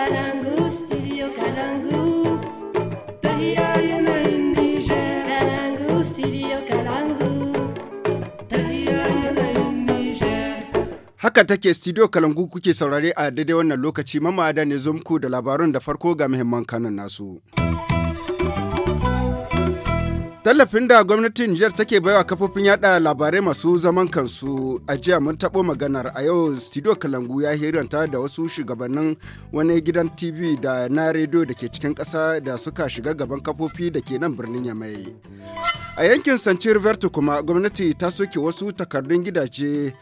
Kalangu, studio Haka take studio Kalangu kuke saurare a daidai wannan lokaci mamada ne zo muku da labarun da farko ga muhimman kanun nasu. Tallafin da gwamnatin Nijar take baiwa kafofin yada labarai masu zaman kansu a jiya mun taɓo maganar a yau studio Kalangu ya hiranta da wasu shugabannin wani gidan TV da na rediyo da ke cikin ƙasa da suka shiga gaban kafofi da ke nan birnin Yamai. A yankin Sanchir Vertu kuma gwamnati ta soke wasu takardun gidaje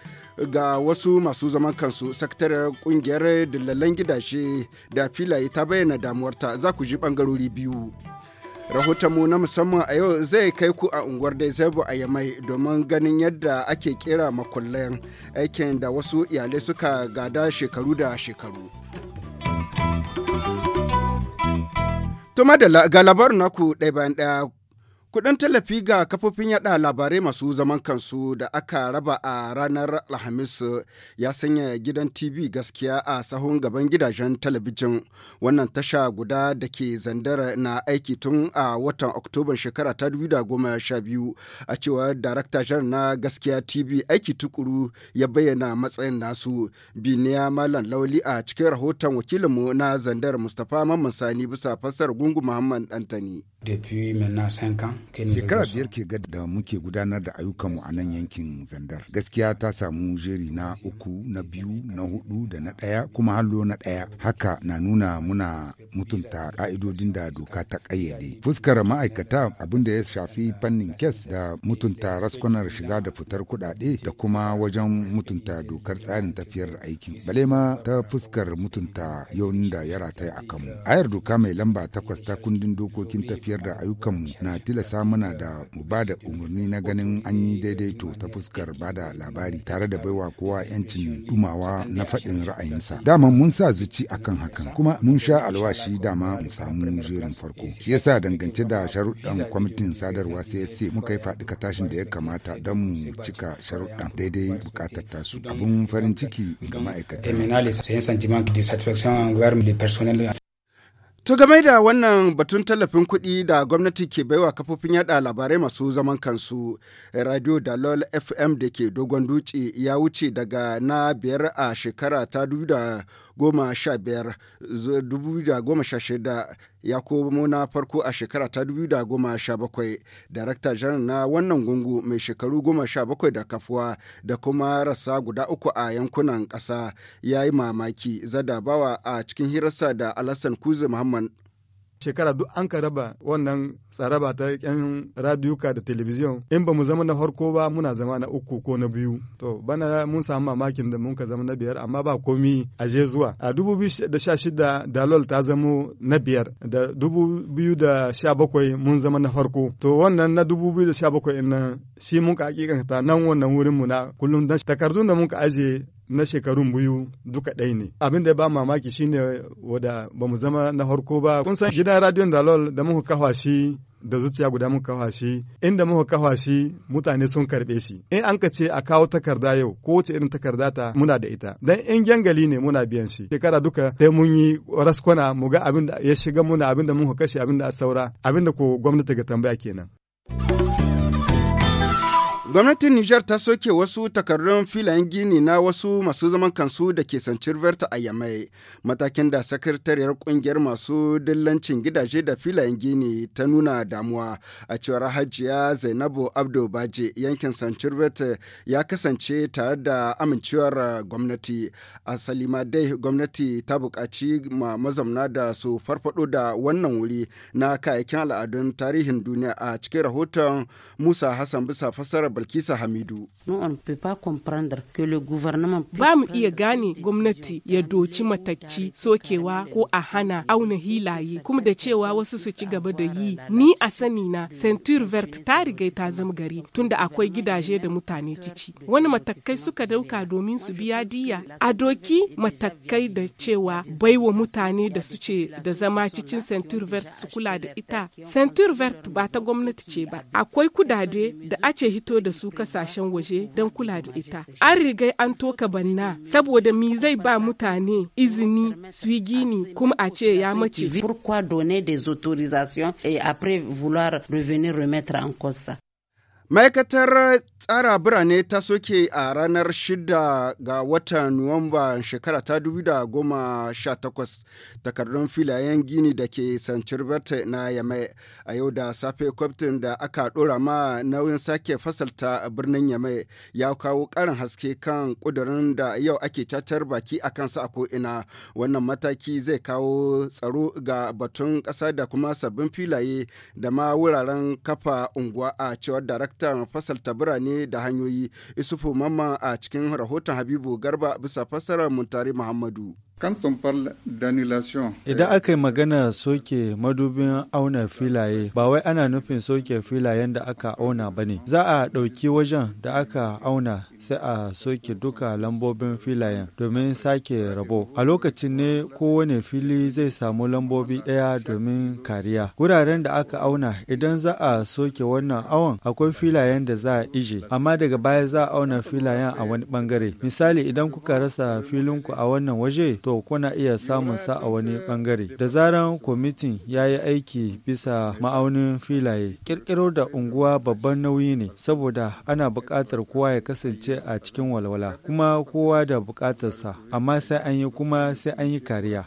ga wasu masu zaman kansu sakatare kungiyar dillalan gidaje da filaye ta bayyana damuwarta za ku ji bangarori biyu. rahotonmu na musamman a yau zai kai ku a unguwar Daizabu a Yamai domin ganin yadda ake kera makullayan aikin da wasu iyalai suka gada shekaru da shekaru. tuma da ga naku ɗaya bayan ɗaya Kudin tallafi ga kafofin yada labarai masu zaman kansu da aka raba a ranar Alhamis ya sanya gidan TV gaskiya a sahun gaban gidajen talabijin. Wannan tasha guda da ke zandara na aiki tun a watan Oktoban shekara ta biyu a cewa Darakta Jan na gaskiya TV aiki tukuru ya bayyana matsayin nasu. Biniya Malam Lauli a cikin rahoton wakilinmu na zandar Mustapha Mamman Sani bisa fassar Gungu Muhammad Dantani. Depuis maintenant 5 ans, shekara biyar ke gada da muke gudanar da ayyukanmu a nan yankin zandar gaskiya ta samu jeri na uku na biyu na hudu da na ɗaya kuma hallo na ɗaya haka na nuna muna mutunta ka'idodin da doka ta ƙayyade fuskar ma'aikata abin da ya shafi fannin kes da mutunta raskunar shiga da fitar kuɗaɗe da kuma wajen mutunta dokar tsarin tafiyar aikin balema ta fuskar mutunta yaunin da ta yi a kanmu ayar doka mai lamba takwas ta kundin dokokin tafiyar da ayyukanmu na tilas tilasta muna da mu ba da umarni na ganin an yi daidaito ta fuskar ba da labari tare da baiwa kowa yancin dumawa na faɗin ra'ayinsa. Dama mun sa zuci akan hakan kuma mun sha alwashi dama mu samu jerin farko. Shi yasa dangance da sharuɗan kwamitin sadarwa sai sai muka yi faɗi tashin da ya kamata don mu cika sharuɗan daidai buƙatar tasu. Abun farin ciki ga ma'aikata. To game da wannan batun tallafin kuɗi da gwamnati ke baiwa kafofin yada labarai masu zaman kansu, Radio lol FM da ke dogon dutse ya wuce daga na biyar a shekara ta da goma sha biyar ya komo na farko a shekara ta dubu da goma sha bakwai darakta janar na wannan gungu mai shekaru goma sha bakwai da kafuwa da kuma rasa guda uku a yankunan ƙasa ya yi mamaki zadabawa a cikin hirarsa da alassan kuzi muhammad shekara duk an ka raba wannan tsaraba ta yan radiyuka da telebijiyon in ba mu zama na farko ba muna zama na uku ko na biyu to bana mun samu mamakin da mun ka zama na biyar amma ba komi a je zuwa a dubu biyu da sha shida dalol ta zama na biyar da dubu biyu da sha bakwai mun zama na farko to wannan na dubu biyu da sha bakwai nan shi mun ka hakikanta nan wannan wurin mu na kullum da takardun da mun ka aje na shekarun biyu duka ɗaya ne abin da ba mamaki shine wada ba mu zama na harko ba kun san gidan radiyon dalol da muka kafa shi da zuciya guda muka kafa shi inda muka kafa shi mutane sun karbe shi in an ka ce a kawo takarda yau ko wace irin takarda ta muna da ita dan in gyangali ne muna biyan shi shekara duka sai mun yi raskwana mu ga abin da ya shiga muna abin da muka kashe abin da a saura abin da ko gwamnati ga tambaya kenan. Gwamnatin Nijar ta soke wasu takardun filayen gini na wasu masu zaman kansu da ke sancir Verta a Yamai, matakin da sakatariyar kungiyar masu dillancin gidaje da filayen gini ta nuna damuwa. A cewar Hajiya Zainabu abdul Baje yankin sancir Verta ya kasance tare da amincewar gwamnati. A Salima dai gwamnati ta buƙaci ma mazauna da su farfado da wannan wuri na kayayyakin al'adun tarihin duniya a cikin rahoton Musa Hassan bisa fasarar Balkisa Hamidu. Ba mu iya gane gwamnati ya doci matacci sokewa ko a hana auna hilaye kuma da cewa wasu su ci gaba da yi ni a sani na Centur Vert ta riga ta zama gari tunda akwai gidaje da mutane cici. Wani matakai suka dauka domin su biya diya a doki matakai da cewa baiwa mutane da su ce da zama cikin Centur Vert su kula da ita. Centur Vert ba ta gwamnati ce ba. Akwai kudade da ace hito da da su kasashen waje don kula da ita an riga an toka banna saboda mi zai ba mutane izini su yi gini kuma a ce ya mace pourquoi donner des autorisations et après vouloir revenir remettre en cause ma'aikatar tsara birane ta soke a ranar 6 ga watan nuwamba shekara ta 2018 takardun filayen gini da ke sancirberta na yamai a yau da safe kwaftin da aka ɗora ma nauyin sake fasalta birnin yamai ya kawo karin haske kan kudurin da yau ake cacar baki a kansa a ko'ina wannan mataki zai kawo tsaro ga batun ƙasa da kuma sabbin filaye da ma wuraren kafa unguwa a cewar buƙatar fasalta birane da hanyoyi isufu mamma a cikin rahoton habibu garba bisa fassarar muntari muhammadu Idan eh, aka yi magana soke madubin auna filaye, ba wai ana nufin soke filayen da aka auna ba ne. Za a ɗauki wajen da aka auna sai a soke duka lambobin filayen domin sake rabo. A lokacin ne kowane fili zai samu lambobi ɗaya domin kariya. Wuraren da aka auna idan za a soke wannan awon akwai filayen da za a ije, amma daga baya za a auna filayen a wani bangare Misali idan kuka rasa filinku a wannan waje, to kuna iya samun sa a wani bangare da zaran kwamitin ya yi aiki bisa ma'aunin filaye kirkiro da unguwa babban nauyi ne saboda ana buƙatar kowa ya kasance a cikin walwala kuma kowa da buƙatarsa amma sai an yi kuma sai an yi kariya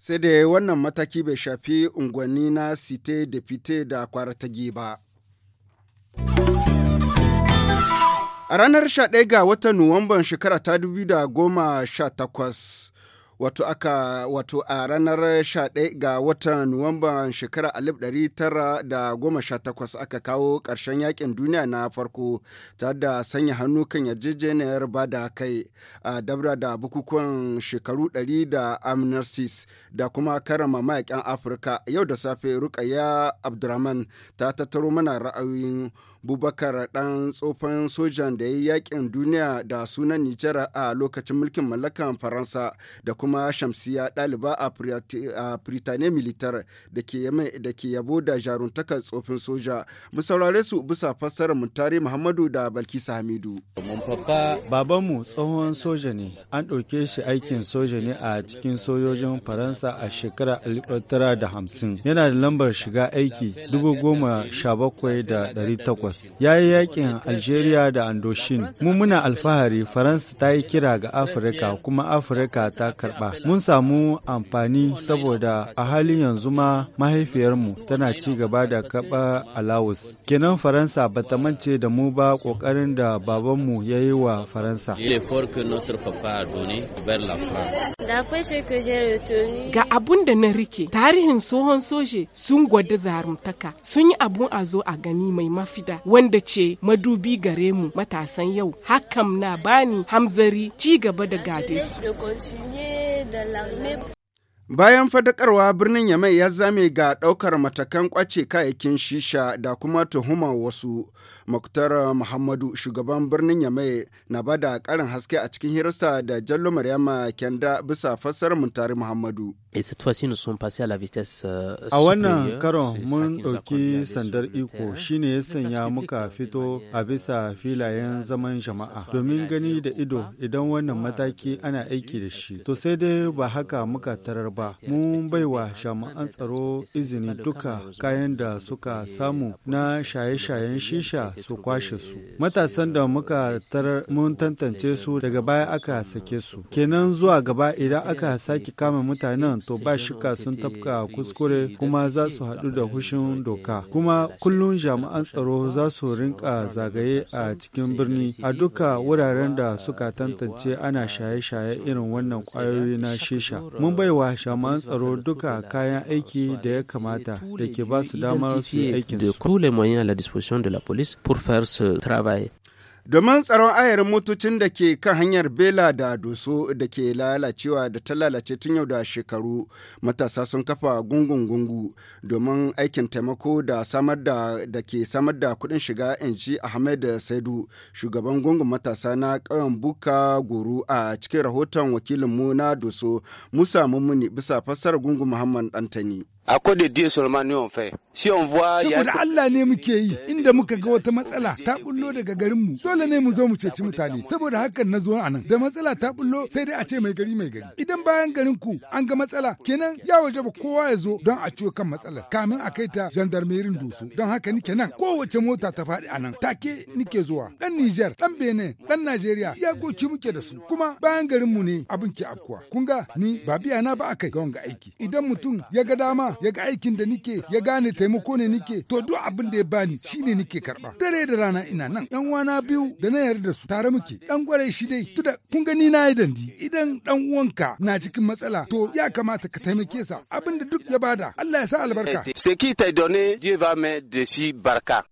sai da wannan mataki bai shafi unguwanni na site da fite da kwarata ba. A ranar 11 ga watan Nuwamban shekara ta 2018 wato aka wato a ranar 11 ga watan Nuwamban shekara 1918 aka kawo ƙarshen yakin duniya na farko ta da sanya hannu kan yarjejeniyar ba da kai a dabra da bukukuwan shekaru 100 da amnestis da kuma karama mayakan Afirka yau da safe Rukayya Abdurrahman ta tattaro mana ra'ayoyin bubakar ɗan tsofan sojan da ya yi yakin duniya da sunan nijar a lokacin mulkin mallakan faransa da kuma shamsiya ɗaliba a Britane militar da ke yabo da jaruntakar tsofin soja mu saurare su bisa fassarar mutare muhammadu da balkisa hamidu babanmu tsohon soja ne an ɗauke shi aikin soja ne a cikin sojojin faransa a shekarar 1950 yana da lambar shiga aiki da 17,800 Gabas, ya yi yakin Algeria da Andoshin. mun muna alfahari Faransa ta yi kira ga Afirka kuma Afirka ta karba. Mun samu amfani saboda a halin yanzu ma mahaifiyarmu tana ci gaba da kaba alawus. Kenan Faransa ba ta mance da mu ba kokarin da babanmu ya yi wa Faransa. Ga abun da na rike, tarihin tsohon soje sun gwada zarumtaka, sun yi abun a zo a gani mai mafida wanda ce madubi gare mu matasan yau hakan na bani hamzari ci gaba da gade su. Bayan fadakarwa birnin Yamai ya zame ga ɗaukar matakan ƙwace kayayyakin shisha da kuma tuhumar wasu. Muktar Muhammadu shugaban birnin Yamai na bada ƙarin haske a cikin hirarsa da Jallo Maryama Kenda bisa fassarar Muntari Muhammadu. Et cette fois-ci, nous sommes passés à la vitesse euh, A wannan karon mun ɗauki sandar iko shine ya sanya muka euh, fito a bisa euh, filayen zaman jama'a domin gani da ido idan wannan mataki ana aiki da shi. To sai dai ba haka muka tarar ba. Mun baiwa jami'an tsaro izini duka kayan da suka samu na shaye-shayen shisha su kwashe su. Matasan da muka tarar mun tantance su daga baya aka sake su. Kenan zuwa gaba idan aka sake kama mutanen hakan to ba shika sun tafka kuskure kuma za su haɗu da hushin doka kuma kullum jami'an tsaro za su rinka zagaye a cikin birni a duka wuraren da suka tantance ana shaye-shaye irin wannan kwayoyi na shisha mun baiwa jami'an tsaro duka kayan aiki da ya kamata da ke ba su damar su yi su domin tsaron ayarin motocin da ke kan hanyar bela da doso da ke lalacewa da ta lalace tun yau da shekaru matasa sun kafa gungun-gungu domin aikin taimako da samar da ke samar da kuɗin shiga in inci ahmed saidu shugaban gungun matasa na ƙauyen buka goro a cikin rahoton wakilinmu na doso musa mummuni bisa fassarar gungun muhammad dantani. ko de diya seulement ne on fait. si on voit saboda Allah ne muke yi inda muka ga wata matsala ta bullo daga garin mu dole ne mu zo mu ceci mutane saboda hakan na zo anan da matsala ta bullo sai dai a ce mai gari mai gari idan bayan garin ku an ga matsala kenan ya waje ba kowa ya zo don a ciwo kan matsalar kamin a kai ta gendarmerin dusu. don haka ni nan kowace mota ta faɗi anan take nike zuwa dan Niger dan Benin dan Najeriya goki muke da su kuma bayan garin mu ne abin ke afkuwa kun ga ni ba biya na ba akai ga wanga aiki idan mutum ya ga dama ya ga aikin da nike ya gane taimako ne nike to duk abin da ya bani shine nike karba dare da rana ina nan yan uwana biyu da na yarda da su tare muke dan gware shi dai tuda kun gani na yi dandi idan dan uwanka na cikin matsala to ya kamata ka taimake sa abin da duk ya bada Allah ya sa albarka eh, eh, ce qui t'a donné Dieu va de si barka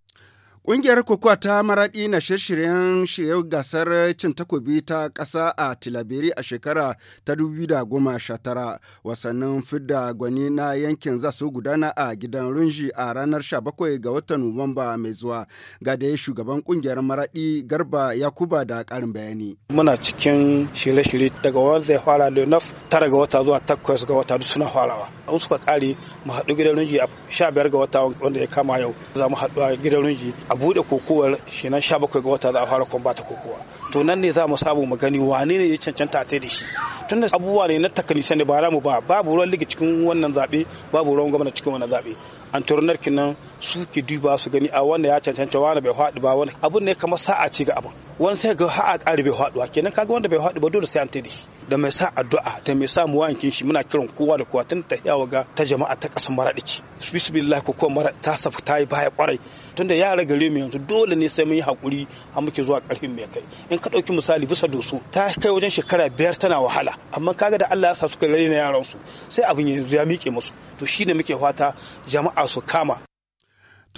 Ƙungiyar kokowa ta maraɗi na shirye-shiryen shirye gasar cin takobi ta ƙasa a Tilaberi a shekara ta 2019. Wasannin fidda gwani na yankin za su gudana a gidan Runji a ranar 17 ga watan Nuwamba mai zuwa. Ga da shugaban ƙungiyar maraɗi Garba Yakuba da ƙarin bayani. Muna cikin shirye-shirye daga wanda zai fara Lenaf tara ga wata zuwa takwas ga wata suna farawa. An suka ƙari mu haɗu gidan Runji a 15 ga wata wanda ya kama yau. Za mu haɗu a gidan Runji a bude kokowar sha bakwai ga wata za a fara kwambata kokowa to nan ne za mu samu mu gani wane ne ya cancanta ta da shi tun da abubuwa ne na takalisa ne ba mu ba babu ruwan liga cikin wannan zaɓe babu ruwan gwamna cikin wannan zaɓe an turnar nan su ke duba su gani a wanda ya cancanta wani bai faɗi ba wani abun ne kamar sa'a ce ga abin wani sai ga ha'a ƙari bai faɗuwa kenan kaga wanda bai faɗi ba dole sai an ta da shi da mai sa addu'a da mai sa muwankin shi muna kiran kowa da kowa tun tahiya ga ta jama'a ta kasan maradici bismillah ko kuma maradi ta safu ta yi baya kwarai tunda yara gare mu yanzu dole ne sai mun yi hakuri har muke zuwa ƙarfin mai kai in ka ɗauki misali bisa doso ta kai wajen shekara biyar tana wahala amma kaga da Allah ya sa suka raina yaran su sai abin yanzu ya miƙe musu to shine muke fata jama'a su kama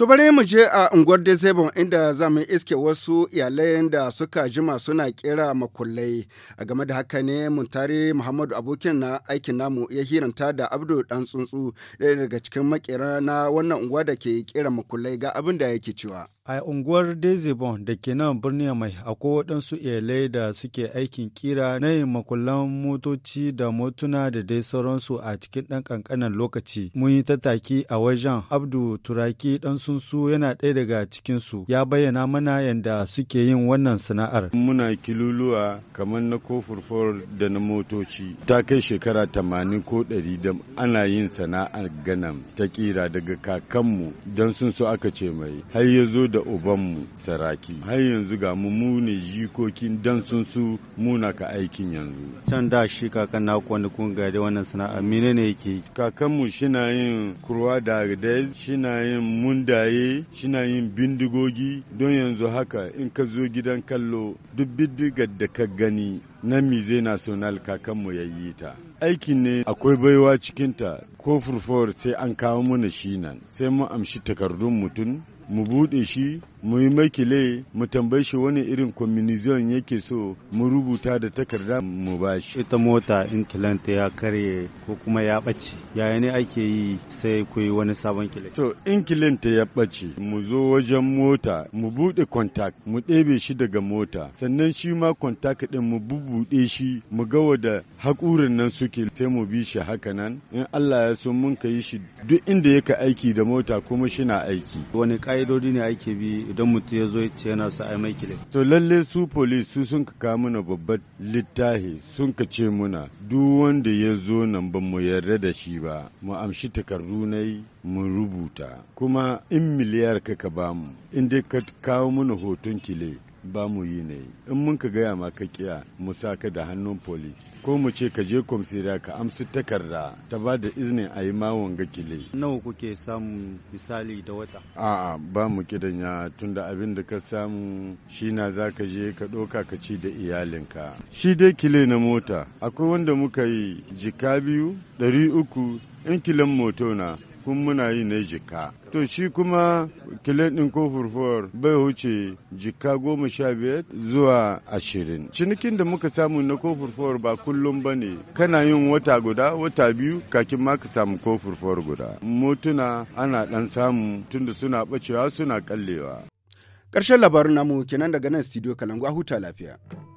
To bari mu je a unguwar Desebon inda za mu iske wasu iyalai da suka jima suna kera makullai. A game da haka ne Muntari Muhammadu abokin na aikin namu ya hiranta da Abdu Dan Tsuntsu daga cikin makera na wannan unguwa da ke kera makullai ga abin da yake cewa. A unguwar Dezibon da ke nan birnin mai akwai waɗansu iyalai da suke aikin kira na yin makullan motoci da motuna da dai sauransu a cikin ɗan ƙanƙanan lokaci. Mun yi tattaki a wajen Abdu Turaki ɗan sunsu yana ɗaya daga cikinsu ya bayyana mana yadda suke yin wannan sana'ar. Muna kiluluwa kamar na kofurfor da na motoci. Ta kai shekara tamanin ko ɗari da ana yin sana'ar ganan ta kira daga kakanmu don sunsu aka ce mai. Har ya da ubanmu saraki har yanzu ga mu mu jikokin dan sun su muna ka aikin yanzu can da shi kakan na wanda kun ga da wannan sana'a menene yake kakanmu shina yin kurwa da da shina yin mundaye shina yin bindigogi don yanzu haka in ka zo gidan kallo duk bindigar da ka gani na mize national kakanmu ya yi ta aikin ne akwai baiwa cikinta ko furfor sai an kawo mana shi nan sai mu amshi takardun mutum mu buɗe shi mu yi makile mu tambaye shi wani irin communism yake so mu rubuta da takarda mu bashi ita mota in kilanta ya karye ko kuma ya ɓace yaya ne ake yi sai ku yi wani sabon kile to in kilanta ya ɓace mu zo wajen mota mu buɗe contact mu ɗebe shi daga mota sannan shi ma contact ɗin mu bubuɗe shi mu ga da haƙurin nan suke sai mu bi shi haka nan in Allah ya so mun ka yi shi duk inda yake aiki da mota kuma shi na aiki wani ƙa'idodi ne ake bi idan mutum ya zo ce yana sa ai mai kilif to lalle su police su sun ka kawo mana babbar littahi sun ka ce muna duk wanda ya zo nan ba mu yarda da shi ba mu amshi takardu na yi mu rubuta kuma in miliyar ka ka bamu in dai ka kawo mana hoton kile ba mu yi ne in mun ka gaya ma ka kiya mu sa da hannun polis ko mu ce ka je komsira ka amsu takarda ta ba da izinin a yi ma wanga kile nawa kuke samu misali da wata a'a ba mu kidanya tunda abin da ka samu shi na za ka je ka ɗauka ka ci da iyalinka shi dai kile na mota akwai wanda muka yi jika biyu ɗari uku in kilan moto na kun muna yi ne jika to shi kuma kilet ɗin ko furfuwar bai wuce jika goma sha biyar zuwa ashirin cinikin da muka samu na ko furfuwar ba kullum ba ne kana yin wata guda wata biyu kakin ma ka samu ko furfuwar guda motuna ana ɗan samu tunda suna bacewa suna kallewa ƙarshen labarin namu kenan daga nan studio kalangu a huta lafiya